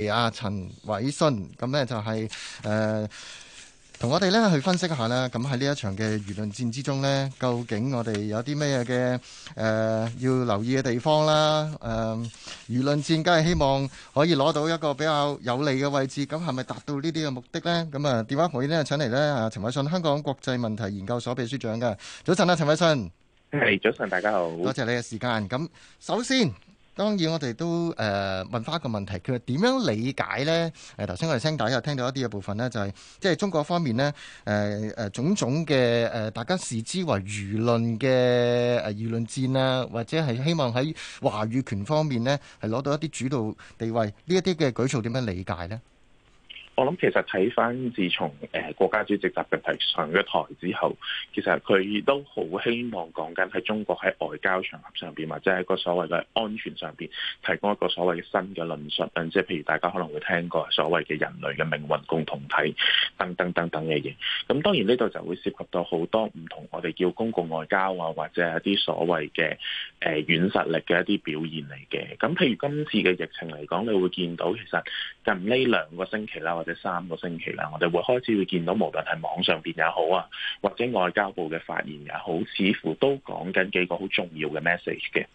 係啊，陳偉信，咁咧就係誒，同我哋咧去分析下啦。咁喺呢一場嘅輿論戰之中咧，究竟我哋有啲咩嘅誒要留意嘅地方啦？誒、呃，輿論戰梗係希望可以攞到一個比較有利嘅位置，咁係咪達到呢啲嘅目的呢？咁啊，電話會咧請嚟咧啊，陳、呃、偉信，香港國際問題研究所秘書長嘅。早晨啊，陳偉信，係早晨，大家好，多謝你嘅時間。咁首先。當然我們，我哋都誒問翻一個問題，佢點樣理解呢？誒頭先我哋聽解又聽到一啲嘅部分呢，就係、是、即係中國方面呢，誒、呃、誒種種嘅誒、呃，大家視之為輿論嘅誒、呃、輿論戰啊，或者係希望喺話語權方面呢，係攞到一啲主導地位，呢一啲嘅舉措點樣理解呢？我諗其實睇翻自從誒國家主席習近平上咗台之後，其實佢都好希望講緊喺中國喺外交場合上邊，或者係一個所謂嘅安全上邊，提供一個所謂嘅新嘅論述。即係譬如大家可能會聽過所謂嘅人類嘅命運共同體等等等等嘅嘢。咁當然呢度就會涉及到好多唔同我哋叫公共外交啊，或者係一啲所謂嘅誒軟實力嘅一啲表現嚟嘅。咁譬如今次嘅疫情嚟講，你會見到其實近呢兩個星期啦，三個星期啦，我哋會開始會見到，無論係網上邊也好啊，或者外交部嘅發言也好，似乎都講緊幾個好重要嘅 message 嘅。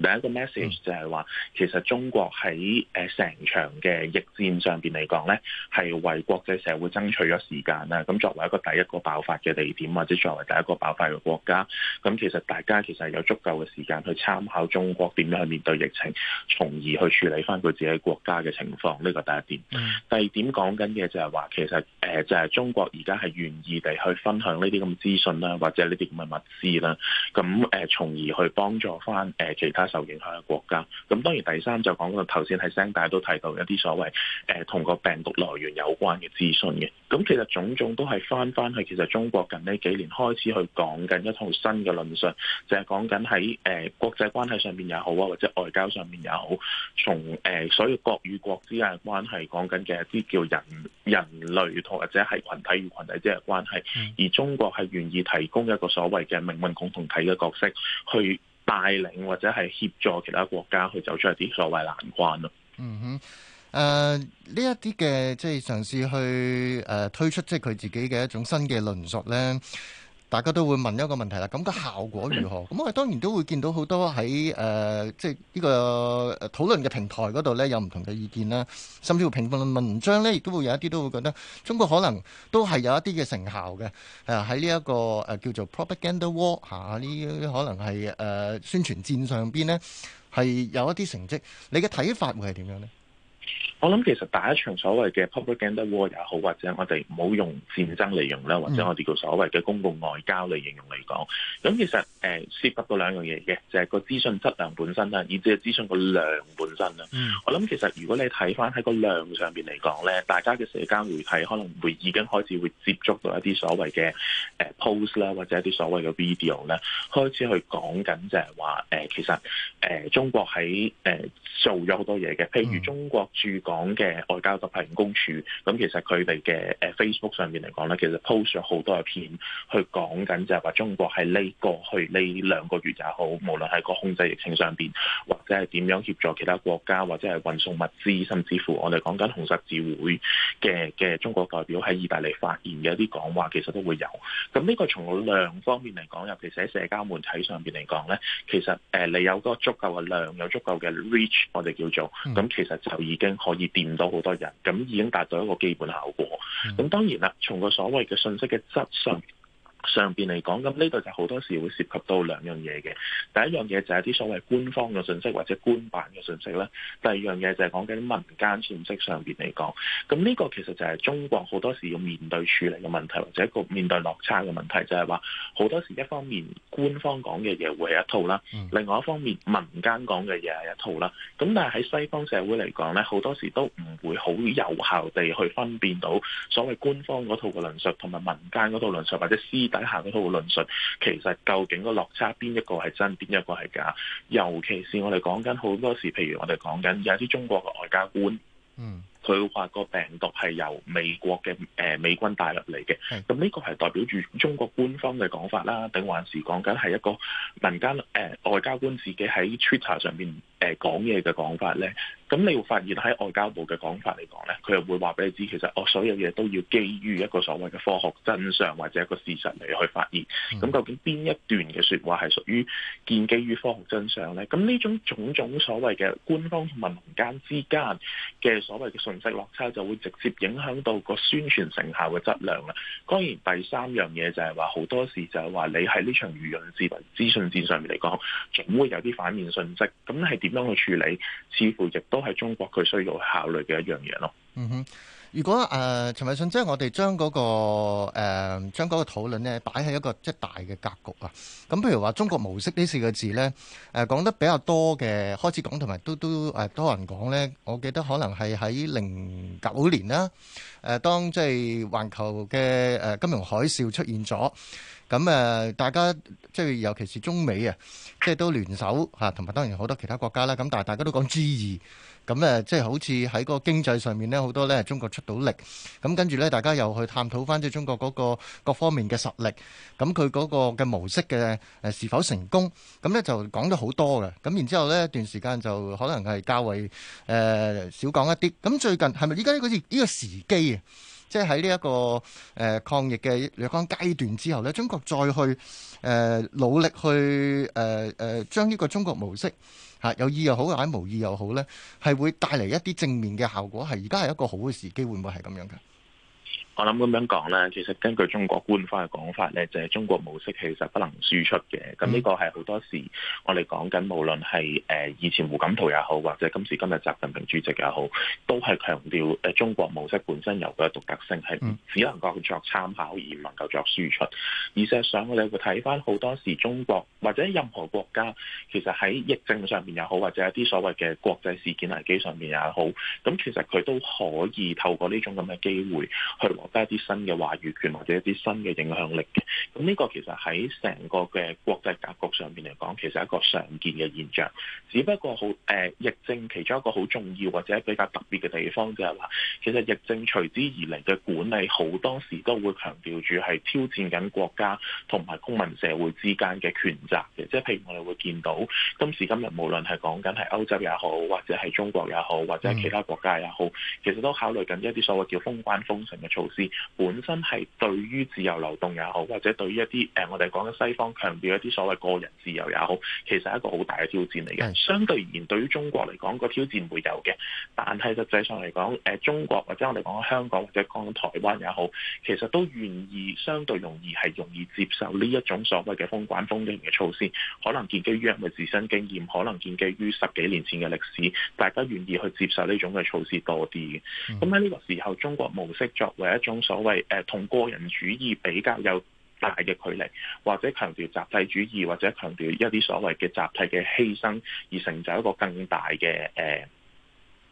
第一個 message 就係話，其實中國喺誒成場嘅疫戰上邊嚟講咧，係為國際社會爭取咗時間啦。咁作為一個第一個爆發嘅地點，或者作為第一個爆發嘅國家，咁其實大家其實有足夠嘅時間去參考中國點樣去面對疫情，從而去處理翻佢自己國家嘅情況。呢個第一點。第二點講緊嘅就係話，其實誒就係中國而家係願意地去分享呢啲咁嘅資訊啦，或者呢啲咁嘅物資啦，咁誒從而去幫助翻誒其他。受影響嘅國家，咁當然第三就講到頭先，係聲大家都提到一啲所謂誒同、呃、個病毒來源有關嘅資訊嘅，咁其實種種都係翻翻去，其實中國近呢幾年開始去講緊一套新嘅論述，就係講緊喺誒國際關係上面也好啊，或者外交上面也好，從誒、呃、所有國與國之間嘅關係講緊嘅一啲叫人人類同或者係群體與群體之間嘅關係、嗯，而中國係願意提供一個所謂嘅命運共同體嘅角色去。帶領或者係協助其他國家去走出一啲所謂難關咯。嗯哼，誒呢一啲嘅即係嘗試去誒、呃、推出即係佢自己嘅一種新嘅論述咧。大家都會問一個問題啦，咁個效果如何？咁我哋當然都會見到好多喺誒、呃，即係呢個討論嘅平台嗰度呢，有唔同嘅意見啦，甚至乎評論文章呢，亦都會有一啲都會覺得中國可能都係有一啲嘅成效嘅，喺呢一個、呃、叫做 propaganda war 嚇呢，可能係、呃、宣傳戰上邊呢，係有一啲成績，你嘅睇法會係點樣呢？我諗其實第一場所謂嘅 propaganda war 也好，或者我哋唔好用戰爭嚟，用啦，或者我哋叫所謂嘅公共外交嚟形容嚟講，咁、嗯、其實誒、呃、涉及到兩樣嘢嘅，就係、是、個資訊質量本身啦，以至係資訊個量本身啦、嗯。我諗其實如果你睇翻喺個量上邊嚟講咧，大家嘅社交媒體可能會已經開始會接觸到一啲所謂嘅誒 post 啦，或者一啲所謂嘅 video 咧，開始去講緊就係話誒其實誒、呃、中國喺誒、呃、做咗好多嘢嘅，譬如中國。駐港嘅外交及派員公署，咁其實佢哋嘅誒 Facebook 上面嚟講咧，其實 post 咗好多嘅片，去講緊，就係話中國喺呢過去呢兩個月就好，無論係個控制疫情上邊，或者係點樣協助其他國家，或者係運送物資，甚至乎我哋講緊紅十字會嘅嘅中國代表喺意大利發言嘅一啲講話其實都會有。咁呢個從量方面嚟講，尤其是喺社交媒體上邊嚟講咧，其實誒你有個足夠嘅量，有足夠嘅 reach，我哋叫做咁，其實就以已經可以掂到好多人，咁已經達到一個基本效果。咁當然啦，從個所謂嘅信息嘅質素上邊嚟講，咁呢度就好多時會涉及到兩樣嘢嘅。第一樣嘢就係啲所謂官方嘅信息或者官版嘅信息啦，第二樣嘢就係講緊民間信息上邊嚟講。咁呢個其實就係中國好多時要面對處理嘅問題或者一個面對落差嘅問題，就係話好多時一方面官方講嘅嘢會係一套啦，嗯，另外一方面民間講嘅嘢係一套啦。咁但係喺西方社會嚟講咧，好多時都唔會好有效地去分辨到所謂官方嗰套嘅論述，同埋民間嗰套論述或者私底下嗰套論述，其實究竟個落差邊一個係真，邊一個係假？尤其是我哋講緊好多時，譬如我哋講緊有啲中國嘅外交官，嗯。佢話個病毒係由美國嘅誒美軍帶入嚟嘅，咁呢個係代表住中國官方嘅講法啦，定還是講緊係一個民間誒外交官自己喺 Twitter 上邊誒講嘢嘅講法咧？咁你會發現喺外交部嘅講法嚟講咧，佢又會話俾你知，其實我所有嘢都要基於一個所謂嘅科學真相或者一個事實嚟去發現。咁究竟邊一段嘅説話係屬於建基於科學真相咧？咁呢種種種所謂嘅官方同埋民間之間嘅所謂嘅信息落差就會直接影響到個宣傳成效嘅質量啦。當然，第三樣嘢就係話好多時就係話你喺呢場輿論資訊資訊戰上面嚟講，總會有啲反面信息。咁係點樣去處理，似乎亦都係中國佢需要考慮嘅一樣嘢咯。嗯哼。如果誒陳偉信，即、呃、係我哋將嗰個誒將嗰個討論呢擺喺一個即係大嘅格局啊。咁譬如話中國模式呢四個字呢，誒、呃、講得比較多嘅，開始講同埋都都誒、啊、多人講呢。我記得可能係喺零九年啦，誒、啊、當即係環球嘅、啊、金融海嘯出現咗，咁、啊、誒大家即係尤其是中美啊，即係都聯手吓同埋、啊、當然好多其他國家啦。咁、啊、但係大家都講 G2。咁誒，即係好似喺嗰個經濟上面呢，好多呢中國出到力。咁跟住呢，大家又去探討翻即係中國嗰個各方面嘅實力。咁佢嗰個嘅模式嘅誒是否成功？咁呢就講得好多嘅。咁然之後呢，一段時間就可能係較為誒、呃、少講一啲。咁最近係咪依家好似呢個時機啊？即係喺呢一個誒、呃、抗疫嘅若干階段之後咧，中國再去誒、呃、努力去誒誒、呃呃、將呢個中國模式嚇、啊、有意又好，或者無意又好咧，係會帶嚟一啲正面嘅效果。係而家係一個好嘅時機，會唔會係咁樣㗎？我諗咁樣講咧，其實根據中國官方嘅講法咧，就係中國模式其實不能輸出嘅。咁呢個係好多時我哋講緊，無論係誒以前胡錦濤也好，或者今時今日習近平主席也好，都係強調誒中國模式本身有佢嘅獨特性，係只能夠作參考而唔能夠作輸出。而事實上，我哋會睇翻好多時，中國或者任何國家，其實喺疫症上面也好，或者一啲所謂嘅國際事件危機上面也好，咁其實佢都可以透過呢種咁嘅機會去。加一啲新嘅話語權或者一啲新嘅影響力嘅，咁呢個其實喺成個嘅國際格局上面嚟講，其實係一個常見嘅現象。只不過好誒、呃，疫症其中一個好重要或者比較特別嘅地方就係、係、話，其實疫症隨之而嚟嘅管理好多時都會強調住係挑戰緊國家同埋公民社會之間嘅權責嘅，即係譬如我哋會見到今時今日無論係講緊係歐洲也好，或者係中國也好，或者係其他國家也好，其實都考慮緊一啲所謂叫封關封城嘅措施。本身係對於自由流動也好，或者對於一啲誒我哋講嘅西方強調一啲所謂個人自由也好，其實係一個好大嘅挑戰嚟嘅。相對而言，對於中國嚟講個挑戰會有嘅，但係實際上嚟講誒中國或者我哋講香港或者講台灣也好，其實都願意相對容易係容易接受呢一種所謂嘅封關封城嘅措施，可能建基於人嘅自身經驗，可能建基於十幾年前嘅歷史，大家願意去接受呢種嘅措施多啲嘅。咁喺呢個時候，中國模式作為一種所謂誒同個人主義比較有大嘅距離，或者強調集體主義，或者強調一啲所謂嘅集體嘅犧牲，而成就一個更大嘅誒。呃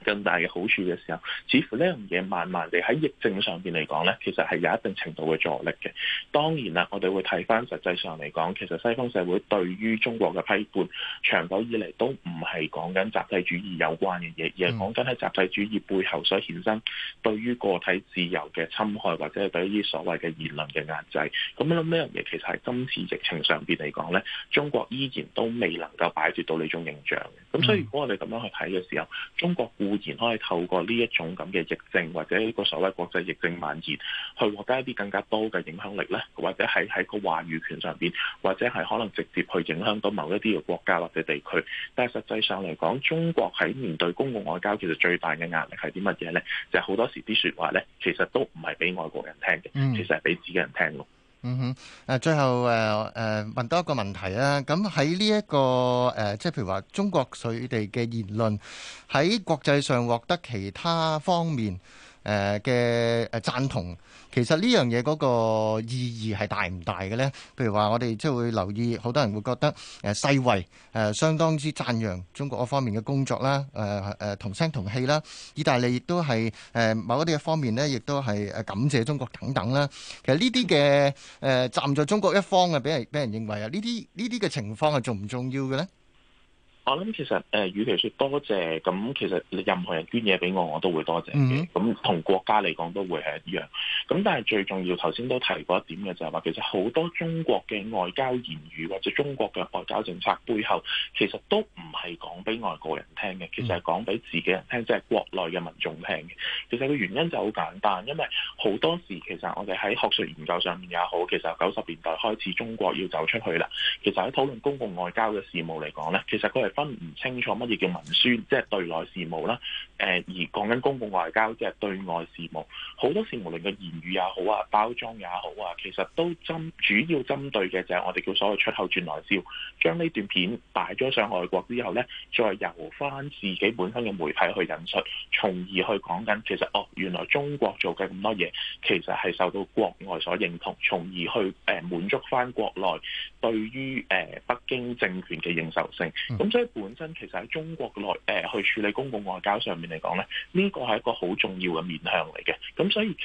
更大嘅好處嘅時候，似乎呢樣嘢慢慢地喺疫症上邊嚟講咧，其實係有一定程度嘅助力嘅。當然啦，我哋會睇翻實際上嚟講，其實西方社會對於中國嘅批判，長久以嚟都唔係講緊集體主義有關嘅嘢，而係講緊喺集體主義背後所衍生對於個體自由嘅侵害，或者係對於所謂嘅言論嘅壓制。咁樣諗呢樣嘢其實係今次疫情上邊嚟講咧，中國依然都未能夠擺脫到呢種形象嘅。咁所以如果我哋咁樣去睇嘅時候，中國。嗯、固然可以透過呢一種咁嘅疫症或者呢個所謂國際疫症蔓延，去獲得一啲更加多嘅影響力咧，或者喺喺個話語權上邊，或者係可能直接去影響到某一啲嘅國家或者地區。但係實際上嚟講，中國喺面對公共外交其實最大嘅壓力係啲乜嘢咧？就係、是、好多時啲說話咧，其實都唔係俾外國人聽嘅，其實係俾自己人聽咯。嗯哼，最後誒誒、呃呃、問多一個問題啦。咁喺呢一個誒，即、呃、係譬如話中國水地嘅言論喺國際上獲得其他方面。誒嘅誒贊同，其實呢樣嘢嗰個意義係大唔大嘅咧？譬如話，我哋即係會留意，好多人會覺得誒、呃、世衛誒、呃、相當之讚揚中國方面嘅工作啦，誒、呃呃、同聲同氣啦，意大利亦都係誒、呃、某一啲嘅方面呢，亦都係感謝中國等等啦。其實呢啲嘅誒站在中國一方嘅，俾人俾人認為啊，呢啲呢啲嘅情況係重唔重要嘅咧？我諗其實誒，呃，與其說多謝，咁其實任何人捐嘢俾我，我都會多謝嘅。Mm-hmm. 咁同國家嚟講都會係一樣。咁但係最重要，頭先都提過一點嘅就係話，其實好多中國嘅外交言語或者中國嘅外交政策背後，其實都唔係講俾外國人聽嘅，其實係講俾自己人聽，即係國內嘅民眾聽嘅。其實個原因就好簡單，因為好多時其實我哋喺學術研究上面也好，其實九十年代開始中國要走出去啦。其實喺討論公共外交嘅事務嚟講咧，其實佢係。分唔清楚乜嘢叫文宣，即係對內事務啦，誒，而講緊公共外交，即係對外事務，好多事務，無論嘅言語也好啊，包裝也好啊，其實都針主要針對嘅就係我哋叫所謂出口轉內銷，將呢段片擺咗上外國之後咧，再由翻自己本身嘅媒體去引述，從而去講緊其實哦，原來中國做嘅咁多嘢，其實係受到國外所認同，從而去誒滿足翻國內對於誒北京政權嘅認受性，咁所以。本身其實喺中國內誒、呃、去處理公共外交上面嚟講咧，呢、呢個係一個好重要嘅面向嚟嘅，咁所以其實